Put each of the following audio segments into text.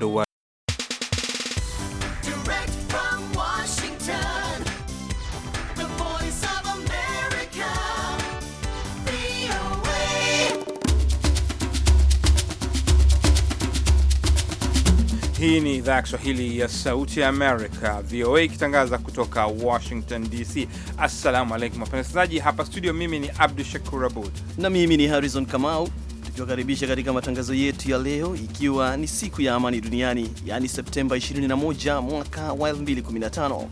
the voice Hii ni idhaa ya Kiswahili ya Sauti ya Amerika, VOA, ikitangaza kutoka Washington DC. Assalamu alaikum wapenzi wasikilizaji, hapa studio, mimi ni Abdu Shakur Abud na mimi ni Harrison Kamau tukiwakaribisha katika matangazo yetu ya leo, ikiwa ni siku ya amani duniani, yaani Septemba 21 mwaka wa 2015.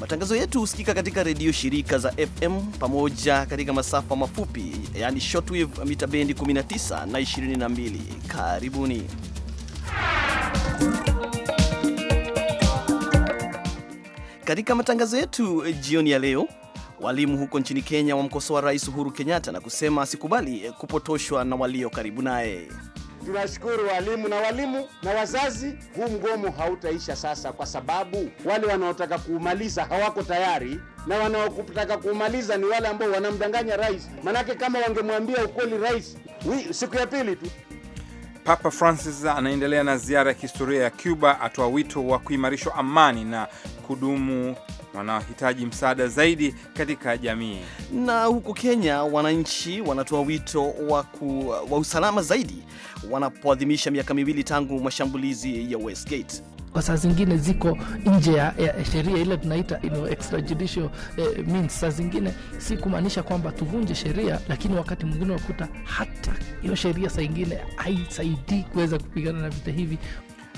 Matangazo yetu husikika katika redio shirika za FM pamoja katika masafa mafupi, yaani shortwave mita bendi 19 na 22. Karibuni. Katika matangazo yetu jioni ya leo Walimu huko nchini Kenya wamkosoa Rais Uhuru Kenyatta na kusema sikubali eh, kupotoshwa na walio karibu naye. Tunashukuru walimu na walimu na wazazi, huu mgomo hautaisha sasa, kwa sababu wale wanaotaka kuumaliza hawako tayari, na wanaotaka kuumaliza ni wale ambao wanamdanganya rais. Manake kama wangemwambia ukweli rais, siku ya pili tu. Papa Francis anaendelea na ziara ya kihistoria ya Cuba, atoa wito wa kuimarishwa amani na kudumu wanaohitaji msaada zaidi katika jamii. Na huko Kenya, wananchi wanatoa wito ku, wa usalama zaidi wanapoadhimisha miaka miwili tangu mashambulizi ya Westgate kwa saa zingine ziko nje ya, ya sheria ile tunaita you know, extrajudicial eh, means. Saa zingine si kumaanisha kwamba tuvunje sheria, lakini wakati mwingine wakuta hata hiyo sheria saa ingine haisaidii kuweza kupigana na vita hivi.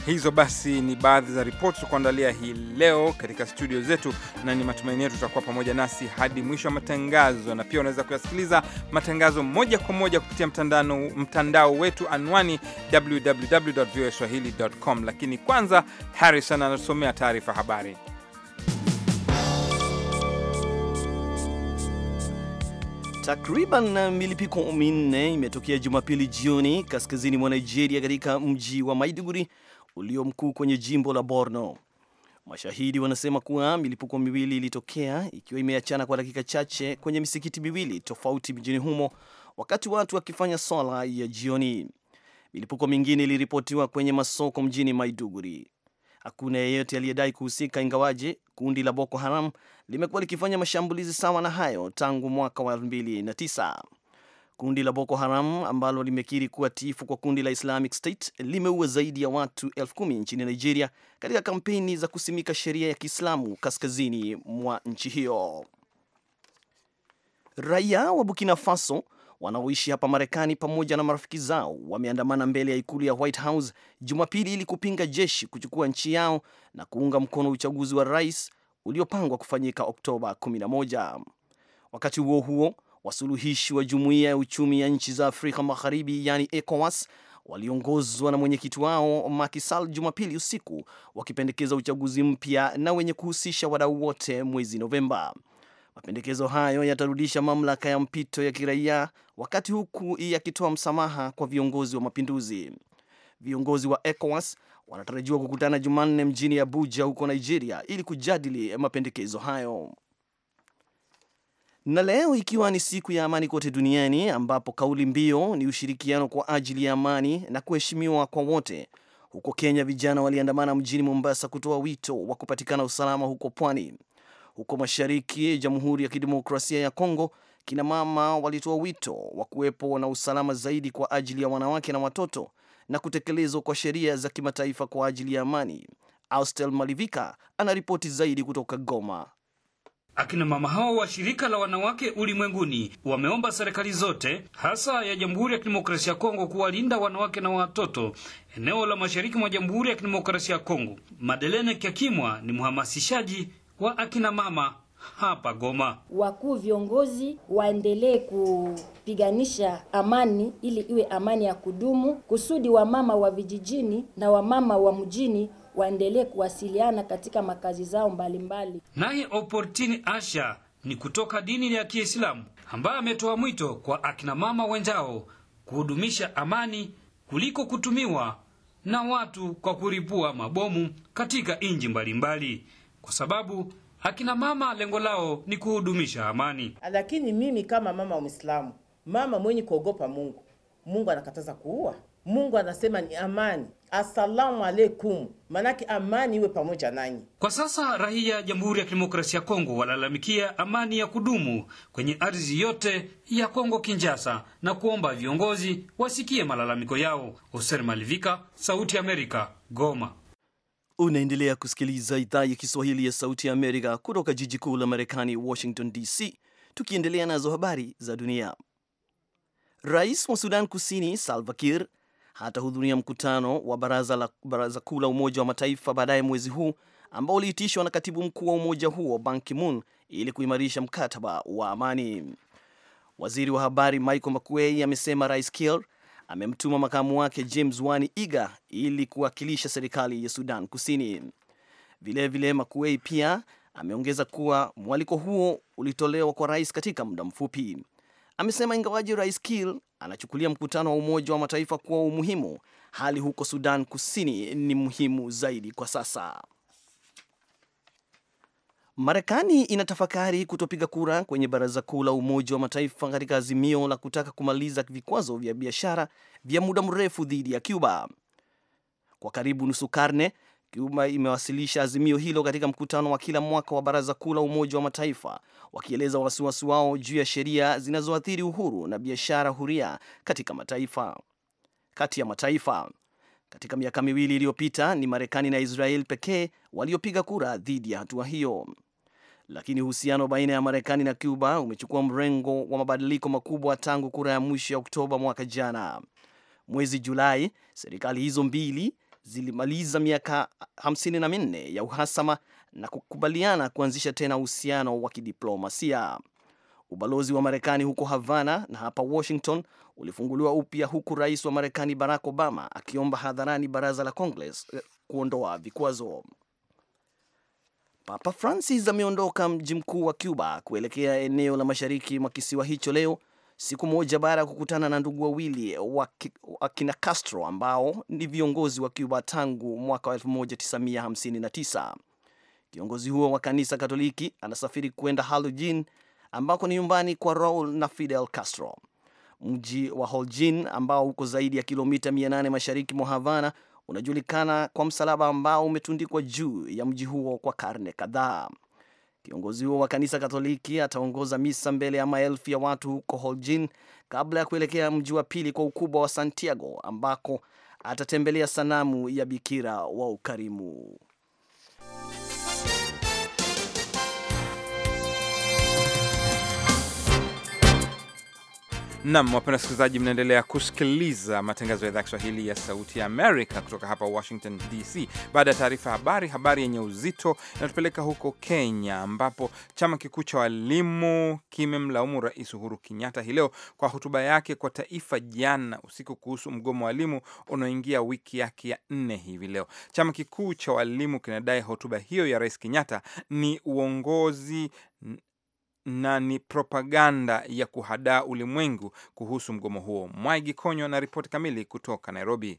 Hizo basi ni baadhi za ripoti tukuandalia hii leo katika studio zetu, na ni matumaini yetu tutakuwa pamoja nasi hadi mwisho wa matangazo, na pia unaweza kuyasikiliza matangazo moja kwa moja kupitia mtandao, mtandao wetu anwani www.voaswahili.com. Lakini kwanza Harrison anatusomea taarifa habari. Takriban milipuko minne imetokea Jumapili jioni kaskazini mwa Nigeria katika mji wa Maiduguri ulio mkuu kwenye jimbo la Borno. Mashahidi wanasema kuwa milipuko miwili ilitokea ikiwa imeachana kwa dakika chache kwenye misikiti miwili tofauti mjini humo wakati watu wakifanya swala ya jioni. Milipuko mingine iliripotiwa kwenye masoko mjini Maiduguri. Hakuna yeyote aliyedai kuhusika, ingawaje kundi la Boko Haram limekuwa likifanya mashambulizi sawa na hayo tangu mwaka wa 2009. Kundi la Boko Haram ambalo limekiri kuwa tifu kwa kundi la Islamic State limeua zaidi ya watu elfu kumi nchini Nigeria katika kampeni za kusimika sheria ya Kiislamu kaskazini mwa nchi hiyo. Raia wa Burkina Faso wanaoishi hapa Marekani pamoja na marafiki zao wameandamana mbele ya ikulu ya White House Jumapili ili kupinga jeshi kuchukua nchi yao na kuunga mkono uchaguzi wa rais uliopangwa kufanyika Oktoba 11. Wakati huo huo, Wasuluhishi wa Jumuiya ya Uchumi ya Nchi za Afrika Magharibi, yani ECOWAS, waliongozwa na mwenyekiti wao Macky Sall Jumapili usiku wakipendekeza uchaguzi mpya na wenye kuhusisha wadau wote mwezi Novemba. Mapendekezo hayo yatarudisha mamlaka ya mpito ya kiraia, wakati huku yakitoa msamaha kwa viongozi wa mapinduzi. Viongozi wa ECOWAS wanatarajiwa kukutana Jumanne mjini Abuja huko Nigeria ili kujadili mapendekezo hayo. Na leo ikiwa ni siku ya amani kote duniani, ambapo kauli mbio ni ushirikiano kwa ajili ya amani na kuheshimiwa kwa wote, huko Kenya vijana waliandamana mjini Mombasa kutoa wito wa kupatikana usalama huko pwani. Huko mashariki Jamhuri ya Kidemokrasia ya Kongo, kina mama walitoa wito wa kuwepo na usalama zaidi kwa ajili ya wanawake na watoto na kutekelezwa kwa sheria za kimataifa kwa ajili ya amani. Austel Malivika anaripoti zaidi kutoka Goma. Akina mama hao wa shirika la wanawake ulimwenguni wameomba serikali zote hasa ya Jamhuri ya Kidemokrasia ya Kongo kuwalinda wanawake na watoto eneo la mashariki mwa Jamhuri ya Kidemokrasia ya Kongo. Madelene Kyakimwa ni mhamasishaji wa akina mama hapa Goma. Wakuu viongozi waendelee kupiganisha amani ili iwe amani ya kudumu kusudi wamama wa vijijini na wamama wa mjini waendelee kuwasiliana katika makazi zao mbalimbali. Naye Oportini Asha ni kutoka dini ya Kiislamu ambaye ametoa mwito kwa akina mama wenzao kuhudumisha amani kuliko kutumiwa na watu kwa kuripua mabomu katika nchi mbalimbali, kwa sababu akina mama lengo lao ni kuhudumisha amani. Lakini mimi kama mama wa Muislamu, mama mwenye kuogopa Mungu, Mungu anakataza kuua. Mungu anasema ni amani, Assalamu alaikum, manake amani iwe pamoja nanyi. Kwa sasa raia ya Jamhuri ya Kidemokrasia ya Kongo walalamikia amani ya kudumu kwenye ardhi yote ya Kongo Kinshasa, na kuomba viongozi wasikie malalamiko yao. Hoser Malivika, Sauti ya Amerika, Goma. Unaendelea kusikiliza idhaa ya Kiswahili ya Sauti ya Amerika kutoka jiji kuu la Marekani, Washington DC. Tukiendelea nazo habari za dunia, rais wa Sudan Kusini Salva Kiir hatahudhuria mkutano wa baraza, la, baraza kuu la Umoja wa Mataifa baadaye mwezi huu ambao uliitishwa na katibu mkuu wa umoja huo Ban Ki-moon ili kuimarisha mkataba wa amani. Waziri wa habari Michael Makuei amesema Rais Kiir amemtuma makamu wake James Wani Iga ili kuwakilisha serikali ya Sudan Kusini. Vilevile, Makuei pia ameongeza kuwa mwaliko huo ulitolewa kwa rais katika muda mfupi. Amesema ingawaji Rais Kiir anachukulia mkutano wa Umoja wa Mataifa kuwa umuhimu, hali huko Sudan Kusini ni muhimu zaidi kwa sasa. Marekani inatafakari kutopiga kura kwenye Baraza Kuu la Umoja wa Mataifa katika azimio la kutaka kumaliza vikwazo vya biashara vya muda mrefu dhidi ya Cuba. Kwa karibu nusu karne, Cuba imewasilisha azimio hilo katika mkutano wa kila mwaka wa Baraza Kuu la Umoja wa Mataifa, wakieleza wasiwasi wao juu ya sheria zinazoathiri uhuru na biashara huria katika mataifa kati ya mataifa. Katika miaka miwili iliyopita, ni Marekani na Israel pekee waliopiga kura dhidi ya hatua hiyo, lakini uhusiano baina ya Marekani na Cuba umechukua mrengo wa mabadiliko makubwa tangu kura ya mwisho ya Oktoba mwaka jana. Mwezi Julai, serikali hizo mbili zilimaliza miaka hamsini na minne ya uhasama na kukubaliana kuanzisha tena uhusiano wa kidiplomasia. Ubalozi wa Marekani huko Havana na hapa Washington ulifunguliwa upya huku rais wa Marekani Barack Obama akiomba hadharani baraza la Congress eh, kuondoa vikwazo. Papa Francis ameondoka mji mkuu wa Cuba kuelekea eneo la mashariki mwa kisiwa hicho leo siku moja baada ya kukutana na ndugu wawili kina Castro ambao ni viongozi wa Cuba tangu mwaka 1959. Kiongozi huo wa kanisa Katoliki anasafiri kwenda Holguin ambako ni nyumbani kwa Raul na Fidel Castro. Mji wa Holguin ambao uko zaidi ya kilomita 800 mashariki mwa Havana unajulikana kwa msalaba ambao umetundikwa juu ya mji huo kwa karne kadhaa. Kiongozi huo wa kanisa Katoliki ataongoza misa mbele ya maelfu ya watu huko holjin kabla ya kuelekea mji wa pili kwa ukubwa wa Santiago ambako atatembelea sanamu ya Bikira wa Ukarimu. Nam, wapenda wasikilizaji, mnaendelea kusikiliza matangazo ya idhaa ya Kiswahili ya Sauti ya Amerika kutoka hapa Washington DC. Baada ya taarifa ya habari, habari yenye uzito inatupeleka huko Kenya, ambapo chama kikuu cha walimu kimemlaumu Rais Uhuru Kenyatta hii leo kwa hotuba yake kwa taifa jana usiku kuhusu mgomo wa walimu unaoingia wiki yake ya nne hivi leo. Chama kikuu cha walimu kinadai hotuba hiyo ya Rais Kenyatta ni uongozi na ni propaganda ya kuhadaa ulimwengu kuhusu mgomo huo. Mwaigi Konyo na ripoti kamili kutoka Nairobi.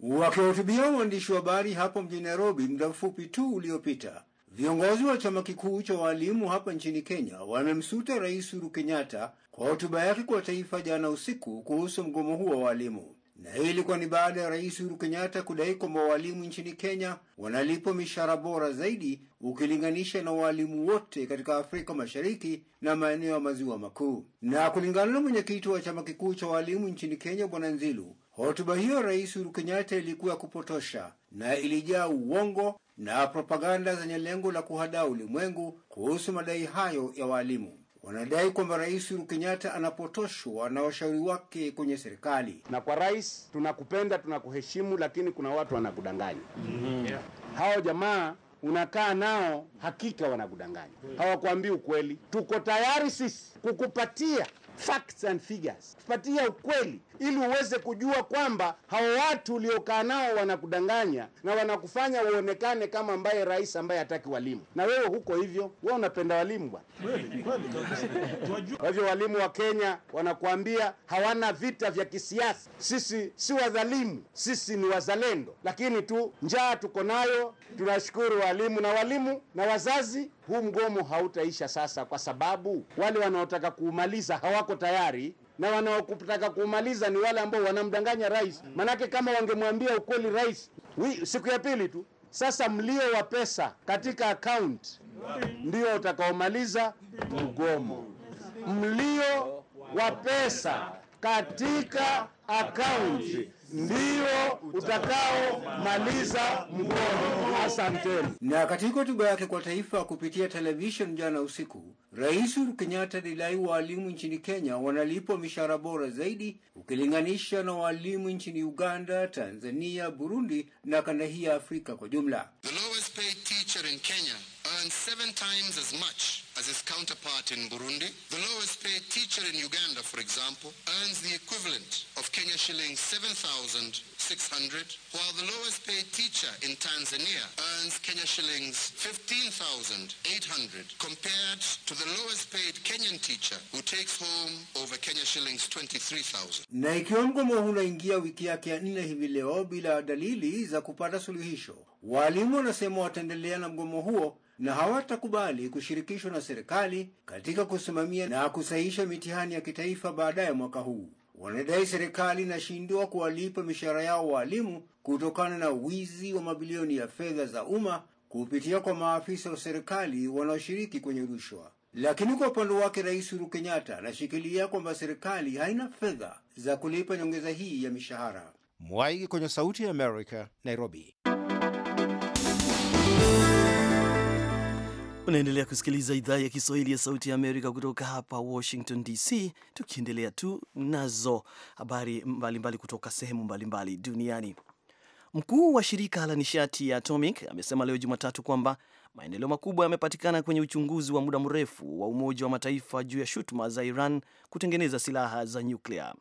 Wakiwahutubia waandishi wa habari hapo mjini Nairobi muda mfupi tu uliopita, viongozi wa chama kikuu cha waalimu hapa nchini Kenya wamemsuta Rais Uhuru Kenyatta kwa hotuba yake kwa taifa jana usiku kuhusu mgomo huo wa waalimu na hii ilikuwa ni baada ya Rais Uhuru Kenyatta kudai kwamba waalimu nchini Kenya wanalipwa mishahara bora zaidi ukilinganisha na waalimu wote katika Afrika Mashariki na maeneo ya Maziwa Makuu. Na kulingana na mwenyekiti wa chama kikuu cha waalimu nchini Kenya, Bwana Nzilu, hotuba hiyo ya Rais Uhuru Kenyatta ilikuwa ya kupotosha na ilijaa uongo na propaganda zenye lengo la kuhadaa ulimwengu kuhusu madai hayo ya waalimu wanadai kwamba Rais Uhuru Kenyatta anapotoshwa na washauri wake kwenye serikali. Na kwa rais, tunakupenda tunakuheshimu, lakini kuna watu wanakudanganya. mm-hmm. yeah. hao jamaa unakaa nao hakika wanakudanganya, mm. hawakuambii ukweli. Tuko tayari sisi kukupatia facts and figures, kupatia ukweli ili uweze kujua kwamba hao watu uliokaa nao wanakudanganya na wanakufanya uonekane kama mbaye rais ambaye hataki walimu, na wewe huko hivyo, wewe unapenda walimu bwana. Kwa hivyo walimu wa Kenya wanakuambia hawana vita vya kisiasa. Sisi si wadhalimu, sisi ni wazalendo, lakini tu njaa tuko nayo. Tunashukuru walimu na walimu na wazazi huu mgomo hautaisha sasa, kwa sababu wale wanaotaka kuumaliza hawako tayari na wanaokutaka kuumaliza ni wale ambao wanamdanganya rais. Manake kama wangemwambia ukweli rais siku ya pili tu. Sasa mlio wa pesa katika account ndio utakaomaliza mgomo. Mlio wa pesa katika account ndio utakaomaliza mgono. Asanteni. Na katika hotuba yake kwa taifa kupitia television jana usiku, Rais Uhuru Kenyatta alidai waalimu nchini Kenya wanalipwa mishahara bora zaidi ukilinganisha na waalimu nchini Uganda, Tanzania, Burundi na kanda hii ya Afrika kwa jumla. The paid teacher in Kenya earns seven times as much as his counterpart in Burundi. The lowest-paid teacher in Uganda, for example, earns the equivalent of Kenya shillings 7,600, while the lowest-paid teacher in Tanzania earns Kenya shillings 15,800, compared to the lowest-paid Kenyan teacher who takes home over Kenya shillings 23,000. Na ikiwa mgomo unaingia wiki yake ya nne hivi leo bila dalili za kupata suluhisho Walimu wanasema wataendelea na mgomo huo na hawatakubali kushirikishwa na serikali katika kusimamia na kusahihisha mitihani ya kitaifa baadaye mwaka huu. Wanadai serikali inashindwa kuwalipa mishahara yao waalimu kutokana na wizi wa mabilioni ya fedha za umma kupitia kwa maafisa wa serikali wanaoshiriki kwenye rushwa. Lakini kwa upande wake, Rais Uhuru Kenyatta anashikilia kwamba serikali haina fedha za kulipa nyongeza hii ya mishahara. Mwaigi kwenye Sauti ya Amerika, Nairobi. Unaendelea kusikiliza idhaa ya Kiswahili ya Sauti ya Amerika kutoka hapa Washington DC, tukiendelea tu nazo habari mbalimbali kutoka sehemu mbalimbali mbali duniani. Mkuu wa shirika la nishati ya Atomic amesema leo Jumatatu kwamba maendeleo makubwa yamepatikana kwenye uchunguzi wa muda mrefu wa Umoja wa Mataifa juu ya shutuma za Iran kutengeneza silaha za nyuklia.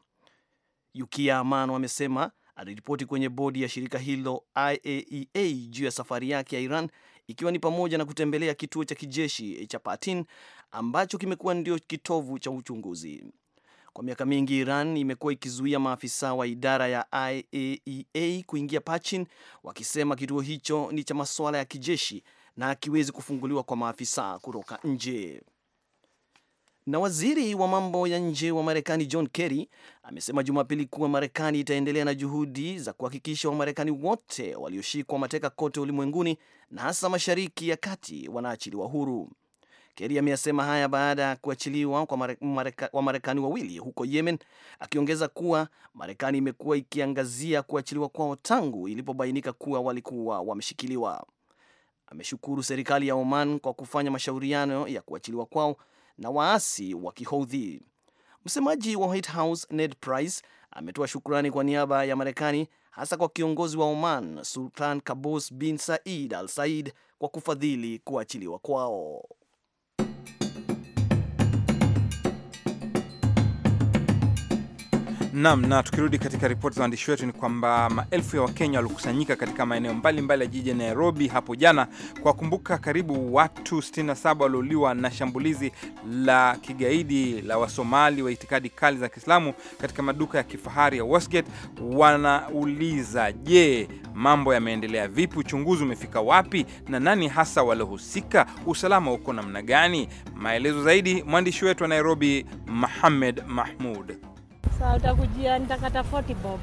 Yukia Amano amesema aliripoti kwenye bodi ya shirika hilo IAEA e juu ya safari yake ya Iran ikiwa ni pamoja na kutembelea kituo cha kijeshi eh, cha Patin ambacho kimekuwa ndio kitovu cha uchunguzi. Kwa miaka mingi Iran imekuwa ikizuia maafisa wa idara ya IAEA e kuingia Patin wakisema kituo hicho ni cha masuala ya kijeshi na hakiwezi kufunguliwa kwa maafisa kutoka nje. Na waziri wa mambo ya nje wa Marekani John Kerry amesema Jumapili kuwa Marekani itaendelea na juhudi za kuhakikisha Wamarekani wote walioshikwa mateka kote ulimwenguni na hasa Mashariki ya Kati wanaachiliwa huru. Kerry ameyasema haya baada ya kuachiliwa kwa Wamarekani wawili huko Yemen, akiongeza kuwa Marekani imekuwa ikiangazia kuachiliwa kwao tangu ilipobainika kuwa walikuwa wameshikiliwa. Ameshukuru serikali ya Oman kwa kufanya mashauriano ya kuachiliwa kwao na waasi wa Kihoudhi. Msemaji wa White House Ned Price ametoa shukrani kwa niaba ya Marekani, hasa kwa kiongozi wa Oman Sultan kabus bin Said Al Said kwa kufadhili kuachiliwa kwao. Naam, na tukirudi katika ripoti za waandishi wetu ni kwamba maelfu ya Wakenya waliokusanyika katika maeneo mbalimbali ya jiji ya Nairobi hapo jana kuwakumbuka karibu watu 67 waliouliwa na shambulizi la kigaidi la Wasomali wa itikadi kali za Kiislamu katika maduka ya kifahari ya Westgate. Wanauliza, je, mambo yameendelea vipi? Uchunguzi umefika wapi? Na nani hasa waliohusika? Usalama uko namna gani? Maelezo zaidi mwandishi wetu wa Nairobi, Mohamed Mahmud. Sawa, utakujia nitakata 40 bob.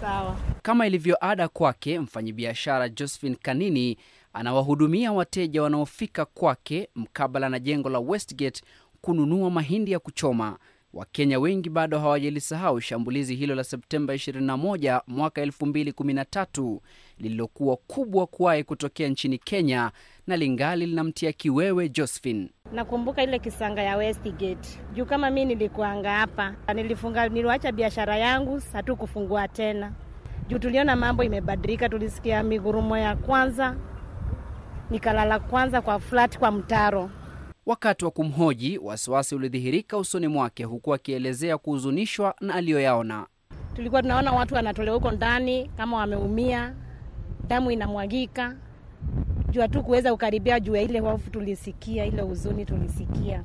Sawa. Kama ilivyo ada kwake, mfanyibiashara Josephine Kanini anawahudumia wateja wanaofika kwake mkabala na jengo la Westgate kununua mahindi ya kuchoma. Wakenya wengi bado hawajalisahau shambulizi hilo la Septemba 21 mwaka 2013 lililokuwa kubwa kuwahi kutokea nchini Kenya na lingali linamtia kiwewe Josephine. Nakumbuka ile kisanga ya Westgate juu kama mi nilikuanga hapa, nilifunga niliwacha biashara yangu hatu kufungua tena juu tuliona mambo imebadilika. Tulisikia migurumo ya kwanza, nikalala kwanza kwa flat kwa mtaro. Wakati wa kumhoji, wasiwasi ulidhihirika usoni mwake, huku akielezea kuhuzunishwa na aliyoyaona. Tulikuwa tunaona watu wanatolewa huko ndani kama wameumia, damu inamwagika jua tu kuweza kukaribia juu ya ile hofu tulisikia, ile huzuni tulisikia.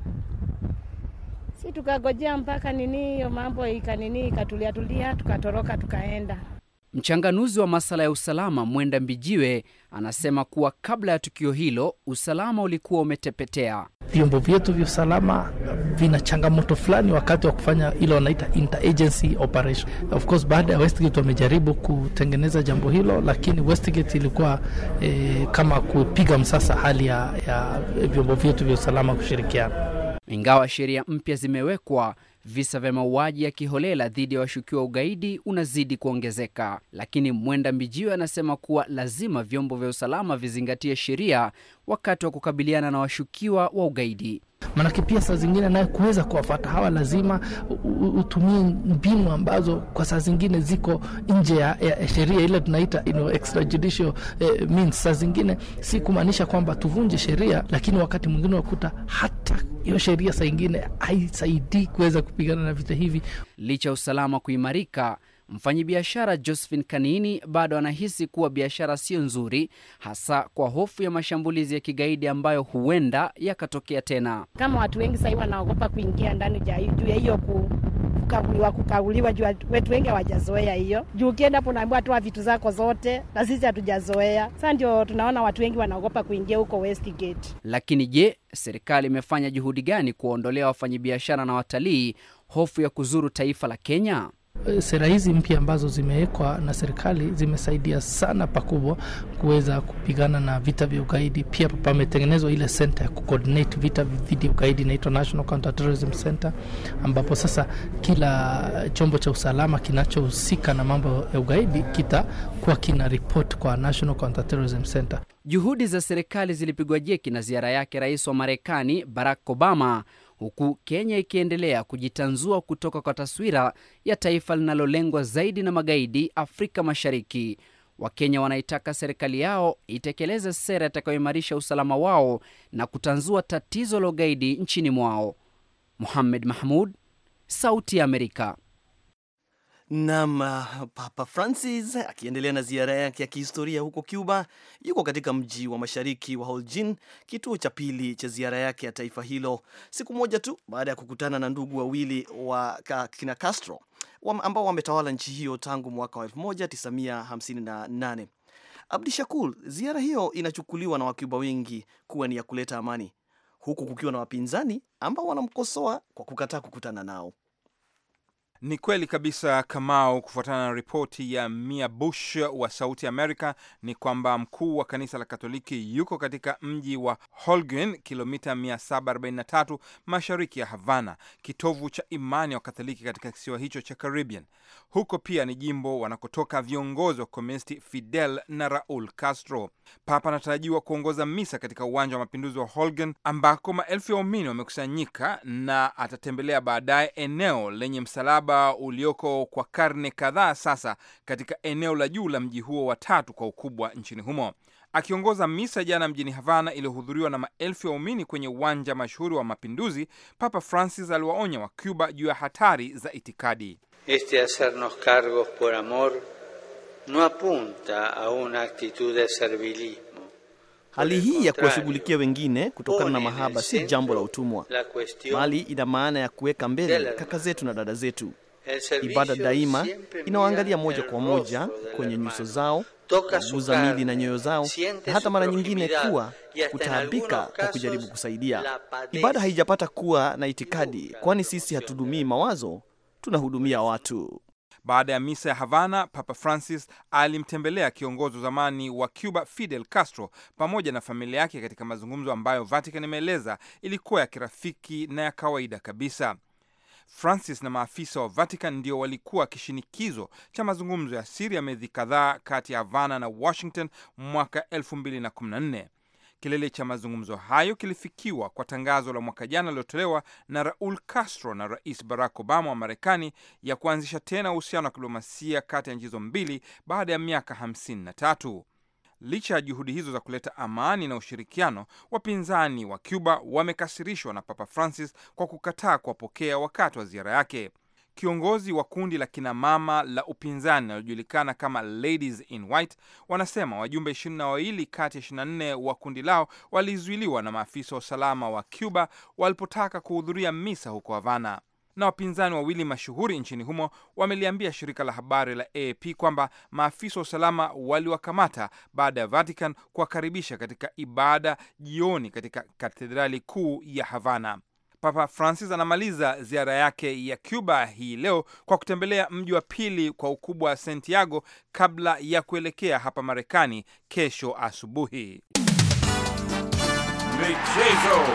Si tukagojea mpaka nini hiyo mambo ikanini ikatulia tulia, tukatoroka tukaenda. Mchanganuzi wa masala ya usalama Mwenda Mbijiwe anasema kuwa kabla ya tukio hilo usalama ulikuwa umetepetea. Vyombo vyetu vya usalama vina changamoto fulani wakati wa kufanya ile wanaita interagency operation. Of course, baada ya Westgate wamejaribu kutengeneza jambo hilo, lakini Westgate ilikuwa eh, kama kupiga msasa hali ya, ya vyombo vyetu vya usalama kushirikiana. Ingawa sheria mpya zimewekwa Visa vya mauaji ya kiholela dhidi ya washukiwa ugaidi unazidi kuongezeka, lakini Mwenda Mbijiwe anasema kuwa lazima vyombo vya usalama vizingatie sheria wakati wa kukabiliana na washukiwa wa ugaidi. Maanake pia saa zingine naye kuweza kuwafata hawa lazima utumie mbinu ambazo kwa saa zingine ziko nje ya, ya sheria ile tunaita you know, extrajudicial eh, means. Saa zingine si kumaanisha kwamba tuvunje sheria, lakini wakati mwingine wakuta hata hiyo sheria saa ingine haisaidii kuweza kupigana na vita hivi. Licha ya usalama kuimarika Mfanyabiashara Josephine Kanini bado anahisi kuwa biashara sio nzuri, hasa kwa hofu ya mashambulizi ya kigaidi ambayo huenda yakatokea tena. Kama watu wengi sahii wanaogopa kuingia ndani juu ya hiyo ku kukaguliwa kukaguliwa, juu wetu wengi hawajazoea hiyo. Juu ukienda hapo unaambiwa toa vitu zako zote, na sisi hatujazoea. Sasa ndio tunaona watu wengi wanaogopa kuingia huko Westgate. Lakini je, serikali imefanya juhudi gani kuwaondolea wafanyabiashara na watalii hofu ya kuzuru taifa la Kenya? Eh, sera hizi mpya ambazo zimewekwa na serikali zimesaidia sana pakubwa kuweza kupigana na vita vya ugaidi. Pia pametengenezwa ile senta ya kucoordinate vita dhidi ya ugaidi inaitwa National Counterterrorism Center, ambapo sasa kila eh, chombo cha usalama kinachohusika na mambo ya ugaidi kitakuwa kina report kwa National Counterterrorism Center. Juhudi za serikali zilipigwa jeki na ziara yake rais wa Marekani Barack Obama huku Kenya ikiendelea kujitanzua kutoka kwa taswira ya taifa linalolengwa zaidi na magaidi Afrika Mashariki. Wakenya wanaitaka serikali yao itekeleze sera itakayoimarisha usalama wao na kutanzua tatizo la ugaidi nchini mwao. muhamed Mahmud, Sauti ya Amerika. Nam ah, Papa Francis akiendelea na ziara yake ya kihistoria huko Cuba, yuko katika mji wa mashariki wa Holguin, kituo cha pili cha ziara yake ya taifa hilo, siku moja tu baada ya kukutana na ndugu wawili wa kina Castro ambao wametawala nchi hiyo tangu mwaka wa 1958. Abdi Shakur, ziara hiyo inachukuliwa na Wacuba wengi kuwa ni ya kuleta amani, huku kukiwa na wapinzani ambao wanamkosoa kwa kukataa kukutana nao. Ni kweli kabisa Kamao. Kufuatana na ripoti ya Mia Bush wa Sauti Amerika ni kwamba mkuu wa kanisa la Katoliki yuko katika mji wa Holguin, kilomita 743 mashariki ya Havana, kitovu cha imani wa Katoliki katika kisiwa hicho cha Caribbean. Huko pia ni jimbo wanakotoka viongozi wa komunisti Fidel na Raul Castro. Papa anatarajiwa kuongoza misa katika uwanja wa mapinduzi wa Holguin ambako maelfu ya waumini wamekusanyika, na atatembelea baadaye eneo lenye msalaba mkataba ulioko kwa karne kadhaa sasa katika eneo la juu la mji huo wa tatu kwa ukubwa nchini humo. Akiongoza misa jana mjini Havana iliyohudhuriwa na maelfu ya waumini kwenye uwanja mashuhuri wa Mapinduzi, Papa Francis aliwaonya wa Cuba juu ya hatari za itikadi. Este hacernos cargos por amor no apunta a una actitud de servilismo Hali hii ya kuwashughulikia wengine kutokana na mahaba si jambo la utumwa, bali ina maana ya kuweka mbele kaka zetu na dada zetu. Ibada daima inawaangalia moja kwa moja kwenye nyuso zao, kuguza mili na nyoyo zao, na hata mara nyingine kuwa kutaabika kwa kujaribu kusaidia. Ibada haijapata kuwa na itikadi, kwani sisi hatudumii mawazo, tunahudumia watu. Baada ya misa ya Havana, Papa Francis alimtembelea kiongozi wa zamani wa Cuba Fidel Castro pamoja na familia yake katika mazungumzo ambayo Vatican imeeleza ilikuwa ya kirafiki na ya kawaida kabisa. Francis na maafisa wa Vatican ndio walikuwa kishinikizo cha mazungumzo ya siri ya miezi kadhaa kati ya Havana na Washington mwaka 2014. Kilele cha mazungumzo hayo kilifikiwa kwa tangazo la mwaka jana lililotolewa na Raul Castro na Rais Barack Obama wa Marekani ya kuanzisha tena uhusiano wa kidiplomasia kati ya nchi hizo mbili baada ya miaka 53. Licha ya juhudi hizo za kuleta amani na ushirikiano, wapinzani wa Cuba wamekasirishwa na Papa Francis kwa kukataa kuwapokea wakati wa ziara yake. Kiongozi wa kundi la kinamama la upinzani linalojulikana kama Ladies in White wanasema wajumbe wawili kati ya 24 wa kundi lao walizuiliwa na maafisa wa usalama wa Cuba walipotaka kuhudhuria misa huko Havana na wapinzani wawili mashuhuri nchini humo wameliambia shirika la habari la aap kwamba maafisa wa usalama waliwakamata baada ya Vatican kuwakaribisha katika ibada jioni katika katedrali kuu ya Havana. Papa Francis anamaliza ziara yake ya Cuba hii leo kwa kutembelea mji wa pili kwa ukubwa wa Santiago kabla ya kuelekea hapa Marekani kesho asubuhi. Michezo.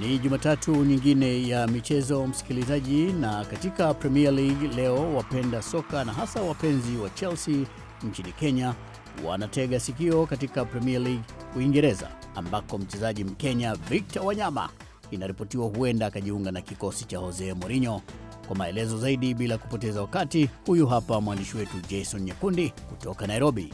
Ni Jumatatu nyingine ya michezo msikilizaji, na katika Premier League leo wapenda soka na hasa wapenzi wa Chelsea nchini Kenya wanatega sikio katika Premier League Uingereza, ambako mchezaji Mkenya Victor Wanyama inaripotiwa huenda akajiunga na kikosi cha Jose Mourinho kwa maelezo zaidi, bila kupoteza wakati, huyu hapa mwandishi wetu Jason nyekundi kutoka Nairobi.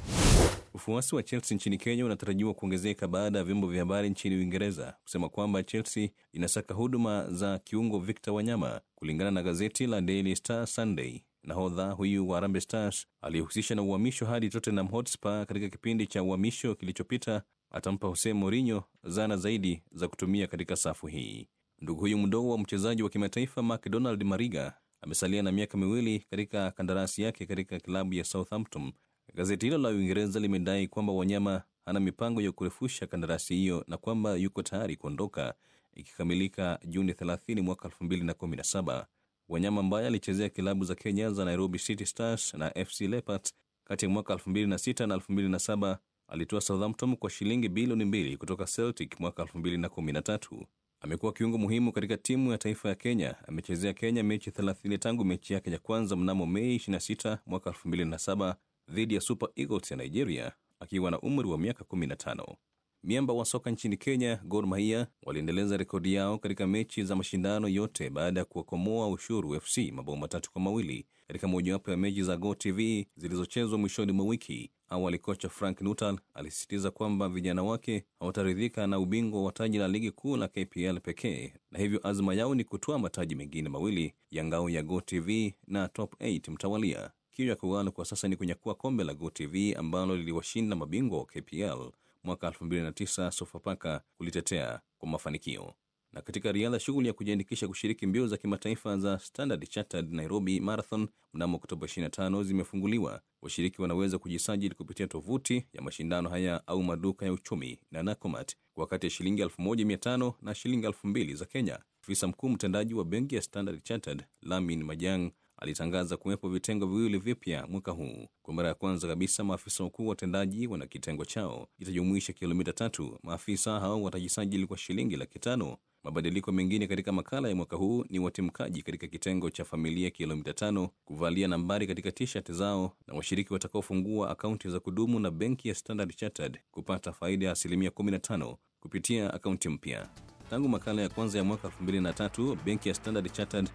Ufuasi wa Chelsea nchini Kenya unatarajiwa kuongezeka baada ya vyombo vya habari nchini Uingereza kusema kwamba Chelsea inasaka huduma za kiungo Victor Wanyama. Kulingana na gazeti la Daily Star Sunday, nahodha huyu wa Harambee Stars aliyehusisha na uhamisho hadi Tottenham Hotspur katika kipindi cha uhamisho kilichopita atampa Jose Mourinho zana zaidi za kutumia katika safu hii. Ndugu huyu mdogo wa mchezaji wa kimataifa McDonald Mariga amesalia na miaka miwili katika kandarasi yake katika klabu ya Southampton. Gazeti hilo la Uingereza limedai kwamba Wanyama hana mipango ya kurefusha kandarasi hiyo na kwamba yuko tayari kuondoka ikikamilika Juni 30 mwaka 2017. Wanyama ambaye alichezea kilabu za Kenya za Nairobi City Stars na FC Leopards kati ya mwaka 2006 na 2007 alitoa Southampton kwa shilingi bilioni mbili kutoka Celtic mwaka 2013. Amekuwa kiungo muhimu katika timu ya taifa ya Kenya. Amechezea Kenya mechi 30 tangu mechi yake ya kwanza mnamo Mei 26 mwaka 2007 dhidi ya Super Eagles ya Nigeria akiwa na umri wa miaka 15. Miamba wa soka nchini Kenya, Gor Mahia, waliendeleza rekodi yao katika mechi za mashindano yote baada ya kuwakomoa Ushuru FC mabao matatu kwa mawili katika mojawapo ya mechi za GoTV zilizochezwa mwishoni mwa wiki Awali kocha Frank nutal alisisitiza kwamba vijana wake hawataridhika na ubingwa wa taji la ligi kuu la KPL pekee, na hivyo azma yao ni kutoa mataji mengine mawili ya ngao ya GoTV na Top 8 mtawalia. Kiu ya Kogalo kwa sasa ni kunyakua kombe la GoTV ambalo liliwashinda mabingwa wa KPL mwaka 2009 Sofapaka kulitetea kwa mafanikio. Na katika riadha, shughuli ya kujiandikisha kushiriki mbio za kimataifa za Standard Chartered Nairobi Marathon mnamo Oktoba 25 zimefunguliwa. Washiriki wanaweza kujisajili kupitia tovuti ya mashindano haya au maduka ya uchumi na Nakumat kwa kati ya shilingi 1500 na shilingi 2000 za Kenya. Afisa mkuu mtendaji wa benki ya Standard Chartered Lamin Majang alitangaza kuwepo vitengo viwili vipya mwaka huu. Kwa mara ya kwanza kabisa, maafisa wakuu watendaji wana kitengo chao, itajumuisha kilomita tatu. Maafisa hao watajisajili kwa shilingi laki tano. Mabadiliko mengine katika makala ya mwaka huu ni watimkaji katika kitengo cha familia kilomita tano kuvalia nambari katika t-shirt zao na washiriki watakaofungua akaunti za kudumu na benki ya Standard Chartered kupata faida ya asilimia 15 kupitia akaunti mpya. Tangu makala ya kwanza ya mwaka 2003, benki ya Standard Chartered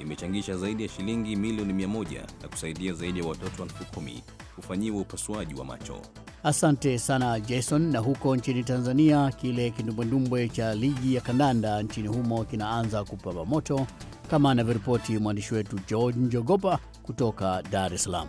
imechangisha zaidi ya shilingi milioni 100 na kusaidia zaidi ya watoto elfu kumi kufanyiwa upasuaji wa macho. Asante sana Jason. Na huko nchini Tanzania, kile kindumbwendumbwe cha ligi ya kandanda nchini humo kinaanza kupamba moto kama anavyoripoti mwandishi wetu George Njogopa kutoka Dar es Salaam.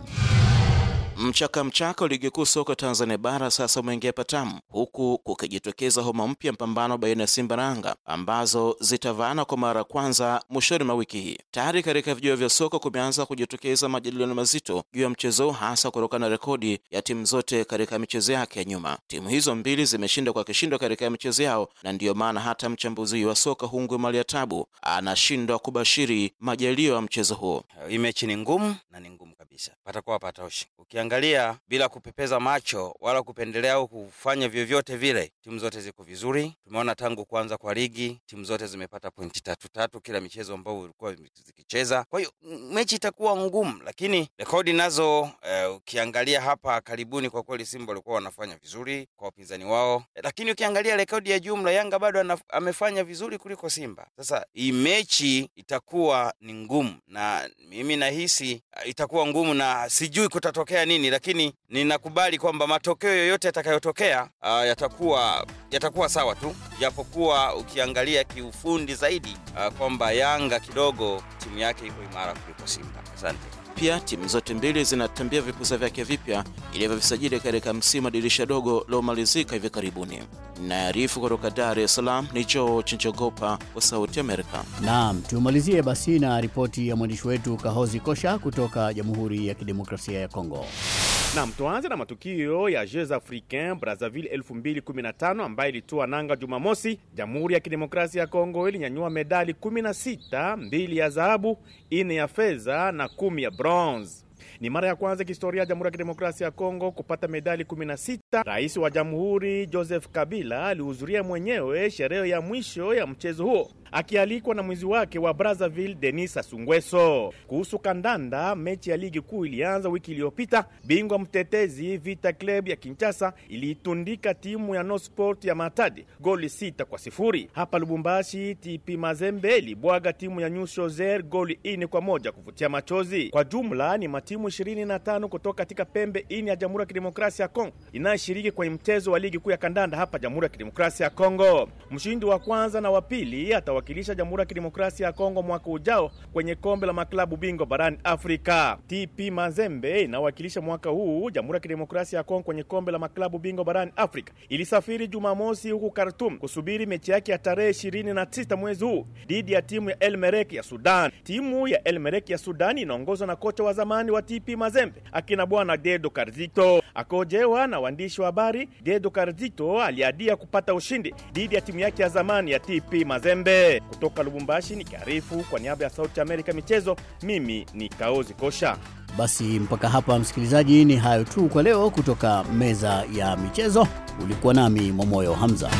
Mchaka mchaka ligi kuu soka Tanzania bara sasa umeingia patamu, huku kukijitokeza homa mpya, mpambano baina ya Simba na Yanga ambazo zitavaana kwa mara ya kwanza mwishoni mwa wiki hii. Tayari katika vijio vya soka kumeanza kujitokeza majadiliano mazito juu ya mchezo hasa kutokana na rekodi ya timu zote katika michezo yake ya nyuma. Timu hizo mbili zimeshinda kwa kishindo katika michezo yao, na ndiyo maana hata mchambuzi wa soka Hungwe Tabu anashindwa kubashiri majalio ya mchezo huo. Hii mechi ni ngumu na ni ngumu kabisa, patakuwa patoshi Ukiangalia ukiangalia bila kupepeza macho wala kupendelea au kufanya vyovyote vile, timu zote ziko vizuri. Tumeona tangu kuanza kwa ligi timu zote zimepata pointi tatu tatu kila michezo ambayo ilikuwa zikicheza. Kwa hiyo mechi itakuwa ngumu, lakini rekodi nazo e, ukiangalia hapa karibuni, kwa kweli Simba walikuwa wanafanya vizuri kwa wapinzani wao eh, lakini ukiangalia rekodi ya jumla Yanga bado amefanya vizuri kuliko Simba. Sasa hii mechi itakuwa ni ngumu, na mimi nahisi eh, itakuwa ngumu na sijui kutatokea nini nini, lakini ninakubali kwamba matokeo yoyote yatakayotokea uh, yatakuwa yatakuwa sawa tu, japokuwa ukiangalia kiufundi zaidi uh, kwamba Yanga kidogo timu yake iko imara kuliko Simba. Asante pia timu zote mbili zinatambia vipusa vyake vipya ilivyovisajili katika msimu dirisha dogo lilomalizika hivi karibuni. Naarifu kutoka Dar es Salaam ni Joe Chinchogopa wa Sauti Amerika. Naam, tumalizie basi na ripoti ya mwandishi wetu Kahozi Kosha kutoka Jamhuri ya Kidemokrasia ya Kongo. Nam, tuanze na matukio ya Jeux Africain Brazzaville 2015 ambayo ilitoa nanga Jumamosi. Jamhuri ya Kidemokrasia ya Kongo ilinyanyua medali 16, mbili ya dhahabu, ine ya fedha na kumi ya bronze. Ni mara ya kwanza kihistoria ya Jamhuri ya Kidemokrasia ya Kongo kupata medali 16. Rais wa Jamhuri Joseph Kabila alihudhuria mwenyewe sherehe ya mwisho ya mchezo huo akialikwa na mwenzi wake wa Brazzaville Denis Asungweso. Kuhusu kandanda, mechi ya ligi kuu ilianza wiki iliyopita. Bingwa mtetezi Vita Club ya Kinshasa iliitundika timu ya No Sport ya Matadi goli sita kwa sifuri. Hapa Lubumbashi, TP Mazembe ilibwaga timu ya New Shozer goli ine kwa moja kuvutia machozi. Kwa jumla ni matimu 25 kutoka katika pembe ine ya Jamhuri ya Kidemokrasia ya Kongo inayoshiriki kwenye mchezo wa ligi kuu ya kandanda hapa Jamhuri ya Kidemokrasia ya Kongo. Mshindi wa kwanza na wa pili atawa kuwakilisha Jamhuri ya Kidemokrasia ya Kongo mwaka ujao kwenye kombe la maklabu bingwa barani Afrika. TP Mazembe inawakilisha mwaka huu Jamhuri ya Kidemokrasia ya Kongo kwenye kombe la maklabu bingwa barani Afrika. Ilisafiri Jumamosi huku Khartoum kusubiri mechi yake ya tarehe 26 mwezi huu dhidi ya timu ya El Merek ya Sudan. Timu ya El Merek ya Sudan inaongozwa na kocha wa zamani wa TP Mazembe akina bwana Dedo Karzito. Akojewa na waandishi wa habari, Dedo Karzito aliadia kupata ushindi dhidi ya timu yake ya zamani ya TP Mazembe kutoka Lubumbashi nikiarifu kwa niaba ya Sauti Amerika michezo, mimi ni Kaozi Kosha. Basi mpaka hapa msikilizaji, ni hayo tu kwa leo kutoka meza ya michezo. Ulikuwa nami Momoyo Hamza.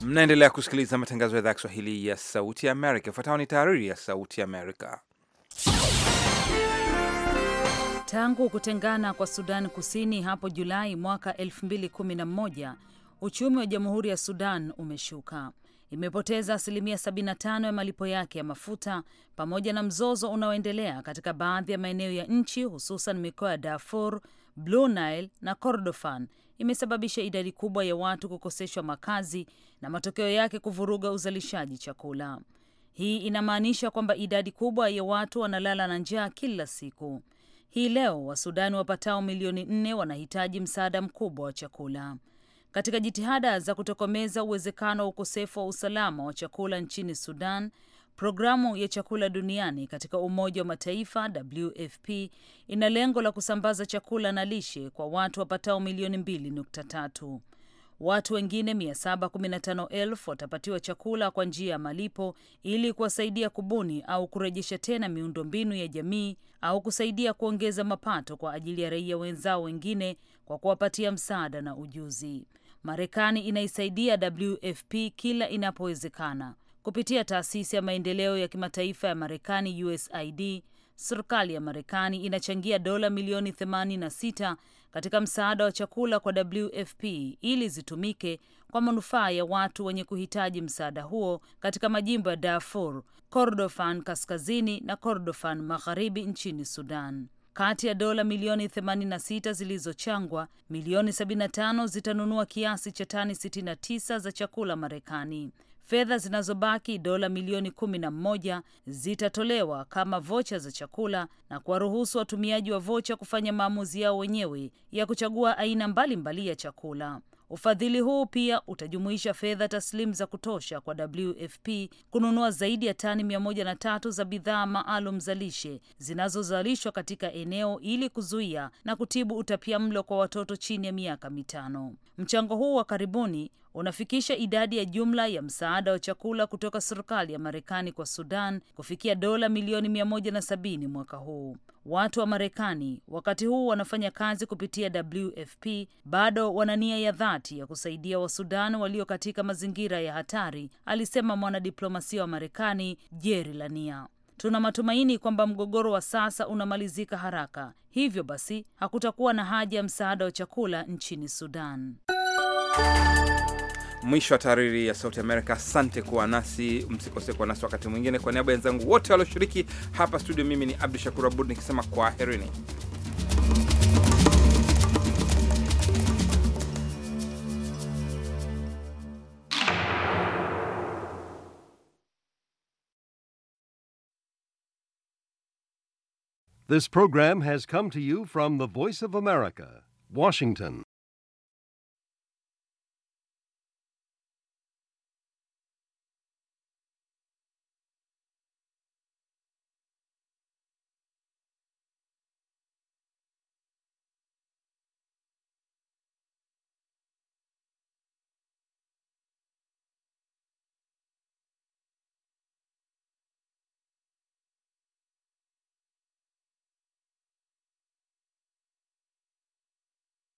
Mnaendelea kusikiliza matangazo ya idhaa ya Kiswahili ya Sauti ya Amerika. Ifuatayo ni tahariri ya Sauti ya Amerika. Tangu kutengana kwa Sudan Kusini hapo Julai mwaka 2011 uchumi wa Jamhuri ya Sudan umeshuka imepoteza asilimia 75 ya malipo yake ya mafuta pamoja na mzozo unaoendelea katika baadhi ya maeneo ya nchi hususan mikoa ya Darfur, Blue Nile na Kordofan imesababisha idadi kubwa ya watu kukoseshwa makazi na matokeo yake kuvuruga uzalishaji chakula. Hii inamaanisha kwamba idadi kubwa ya watu wanalala na njaa kila siku. Hii leo Wasudani wapatao milioni nne wanahitaji msaada mkubwa wa chakula katika jitihada za kutokomeza uwezekano wa ukosefu wa usalama wa chakula nchini Sudan. Programu ya chakula duniani katika Umoja wa Mataifa WFP ina lengo la kusambaza chakula na lishe kwa watu wapatao milioni 2.3. Watu wengine 715,000 watapatiwa chakula kwa njia ya malipo ili kuwasaidia kubuni au kurejesha tena miundombinu ya jamii au kusaidia kuongeza mapato kwa ajili ya raia wenzao wengine kwa kuwapatia msaada na ujuzi. Marekani inaisaidia WFP kila inapowezekana kupitia taasisi ya maendeleo ya kimataifa ya Marekani, USAID. Serikali ya Marekani inachangia dola milioni 86 katika msaada wa chakula kwa WFP ili zitumike kwa manufaa ya watu wenye kuhitaji msaada huo katika majimbo ya Darfur, Kordofan Kaskazini na Kordofan Magharibi nchini Sudan. Kati ya dola milioni 86 zilizochangwa, milioni 75 zitanunua kiasi cha tani 69 za chakula Marekani. Fedha zinazobaki dola milioni kumi na mmoja zitatolewa kama vocha za chakula na kuwaruhusu watumiaji wa vocha kufanya maamuzi yao wenyewe ya kuchagua aina mbalimbali mbali ya chakula. Ufadhili huu pia utajumuisha fedha taslimu za kutosha kwa WFP kununua zaidi ya tani mia moja na tatu za bidhaa maalum za lishe zinazozalishwa katika eneo ili kuzuia na kutibu utapia mlo kwa watoto chini ya miaka mitano. Mchango huu wa karibuni unafikisha idadi ya jumla ya msaada wa chakula kutoka serikali ya Marekani kwa Sudan kufikia dola milioni 170 mwaka huu. Watu wa Marekani wakati huu wanafanya kazi kupitia WFP bado wana nia ya dhati ya kusaidia Wasudan walio katika mazingira ya hatari, alisema mwanadiplomasia wa Marekani Jerry Lania. Tuna matumaini kwamba mgogoro wa sasa unamalizika haraka, hivyo basi hakutakuwa na haja ya msaada wa chakula nchini Sudan. mwisho wa ya Sauti Amerika. Asante kuwa nasi, msikose kuwa nasi wakati mwingine. Kwa niaba ya wenzangu wote walioshiriki hapa studio, mimi ni Abdu Shakur Abud nikisema kwa herini. This program has come to you from the Voice of America, Washington.